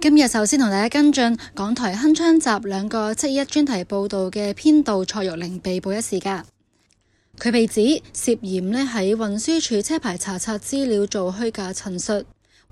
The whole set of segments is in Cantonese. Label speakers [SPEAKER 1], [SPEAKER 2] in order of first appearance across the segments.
[SPEAKER 1] 今日首先同大家跟進港台鏗鏘集兩個七一專題報道嘅編導蔡玉玲被捕一事噶。佢被指涉嫌咧喺運輸署車牌查冊資料做虛假陳述，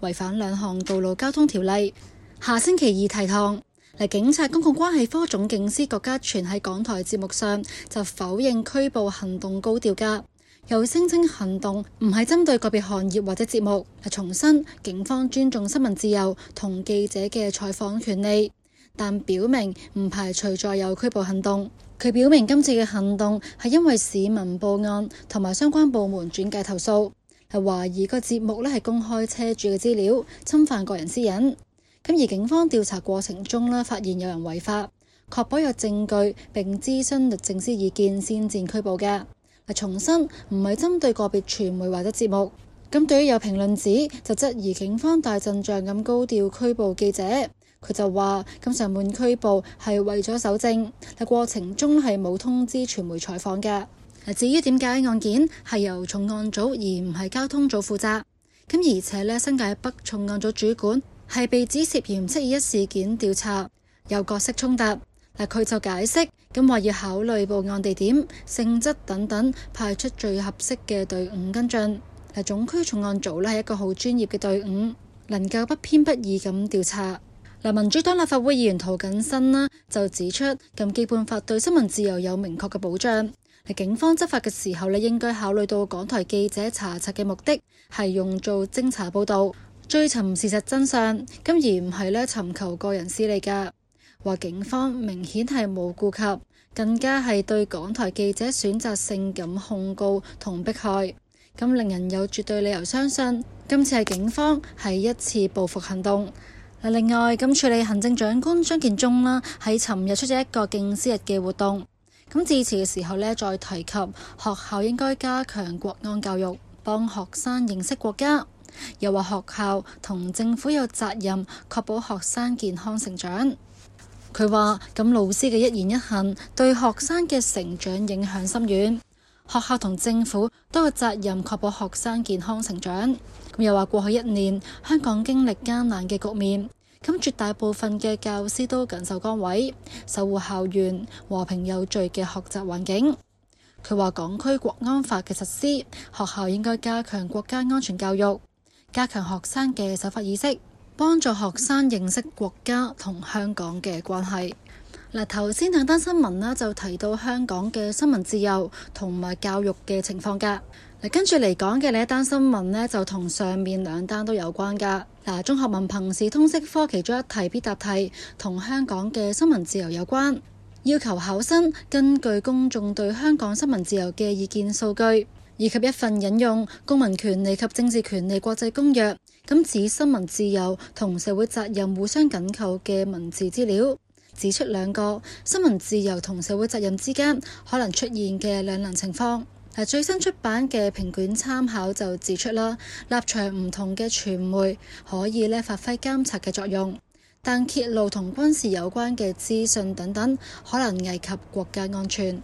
[SPEAKER 1] 違反兩項道路交通條例。下星期二提堂。嚟，警察公共關係科總警司郭家全喺港台節目上就否認拘捕行動高調噶。又聲稱行動唔係針對個別行業或者節目嚟重申，警方尊重新聞自由同記者嘅採訪權利，但表明唔排除再有拘捕行動。佢表明今次嘅行動係因為市民報案同埋相關部門轉介投訴，係懷疑個節目咧係公開車主嘅資料，侵犯個人私隱。咁而警方調查過程中咧，發現有人違法，確保有證據並諮詢律政司意見，先至拘捕嘅。重申唔係針對個別傳媒或者節目，咁對於有評論指就質疑警方大陣仗咁高調拘捕記者，佢就話咁上門拘捕係為咗搜證，但過程中係冇通知傳媒採訪嘅。至於點解案件係由重案組而唔係交通組負責，咁而且呢，新界北重案組主管係被指涉嫌七二一事件調查有角色衝突。嗱，佢就解釋咁話，要考慮報案地點、性質等等，派出最合適嘅隊伍跟進。係總區重案組咧，係一個好專業嘅隊伍，能夠不偏不倚咁調查。嗱，民主黨立法會議員涂謹申就指出，咁基本法對新聞自由有明確嘅保障。警方執法嘅時候咧，應該考慮到港台記者查察嘅目的係用做偵查報導，追尋事實真相，咁而唔係咧尋求個人私利㗎。話警方明顯係無顧及，更加係對港台記者選擇性咁控告同迫害，咁令人有絕對理由相信今次係警方係一次報復行動。嗱，另外咁，處理行政長官張建忠啦，喺尋日出席一個敬師日嘅活動，咁致辭嘅時候呢，再提及學校應該加強國安教育，幫學生認識國家，又話學校同政府有責任確保學生健康成長。佢話：咁老師嘅一言一行對學生嘅成長影響深遠，學校同政府都有責任確保學生健康成長。咁又話過去一年香港經歷艱難嘅局面，咁絕大部分嘅教師都緊守崗位，守護校園和平有序嘅學習環境。佢話：港區國安法嘅實施，學校應該加強國家安全教育，加強學生嘅守法意識，幫助學生認識國家同香港嘅關係。嗱，頭先兩單新聞呢，就提到香港嘅新聞自由同埋教育嘅情況㗎。跟住嚟講嘅呢一單新聞呢，就同上面兩單都有關㗎。嗱，中學文憑試通識科其中一題必答題，同香港嘅新聞自由有關，要求考生根據公眾對香港新聞自由嘅意見數據。以及一份引用《公民權利及政治權利國際公約》咁指新聞自由同社會責任互相緊扣嘅文字資料，指出兩個新聞自由同社會責任之間可能出現嘅兩難情況，最新出版嘅《評卷參考》就指出啦，立場唔同嘅傳媒可以咧發揮監察嘅作用，但揭露同軍事有關嘅資訊等等，可能危及國家安全。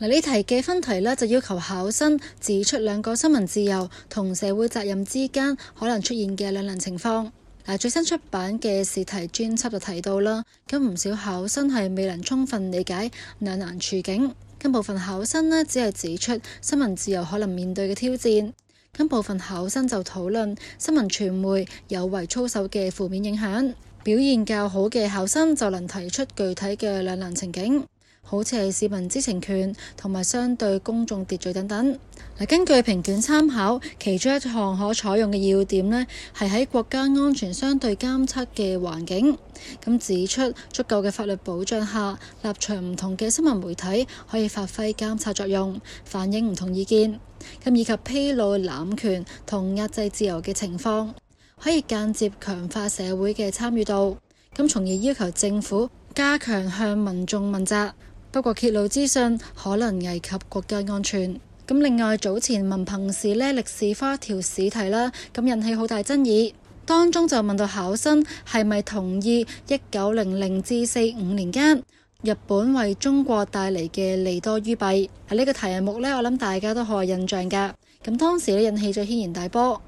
[SPEAKER 1] 嗱，呢題嘅分題呢，就要求考生指出兩個新聞自由同社會責任之間可能出現嘅兩難情況。嗱，最新出版嘅試題專輯就提到啦，咁唔少考生係未能充分理解兩難處境，咁部分考生呢，只係指出新聞自由可能面對嘅挑戰，咁部分考生就討論新聞傳媒有違操守嘅負面影響。表現較好嘅考生就能提出具體嘅兩難情景。好似係市民知情權同埋相對公眾秩序等等。嗱，根據評卷參考，其中一項可採用嘅要點呢，係喺國家安全相對監測嘅環境，咁指出足夠嘅法律保障下，立場唔同嘅新聞媒體可以發揮監察作用，反映唔同意見，咁以及披露濫權同壓制自由嘅情況，可以間接強化社會嘅參與度，咁從而要求政府加強向民眾問責。不過揭露資訊可能危及國家安全。咁另外早前文憑試呢歷史科條試題啦，咁引起好大爭議。當中就問到考生係咪同意一九零零至四五年間日本為中國帶嚟嘅利多於弊？喺、這、呢個題目呢，我諗大家都好有印象㗎。咁當時咧引起咗軒然大波。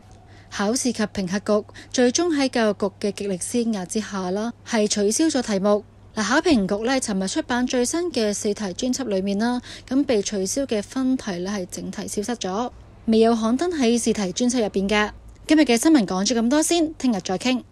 [SPEAKER 1] 考試及評核局最終喺教育局嘅極力施壓之下啦，係取消咗題目。嗱，考評局咧，尋日出版最新嘅試題專輯裏面啦，咁被取消嘅分題咧係整體消失咗，未有刊登喺試題專輯入邊嘅。今日嘅新聞講咗咁多先，聽日再傾。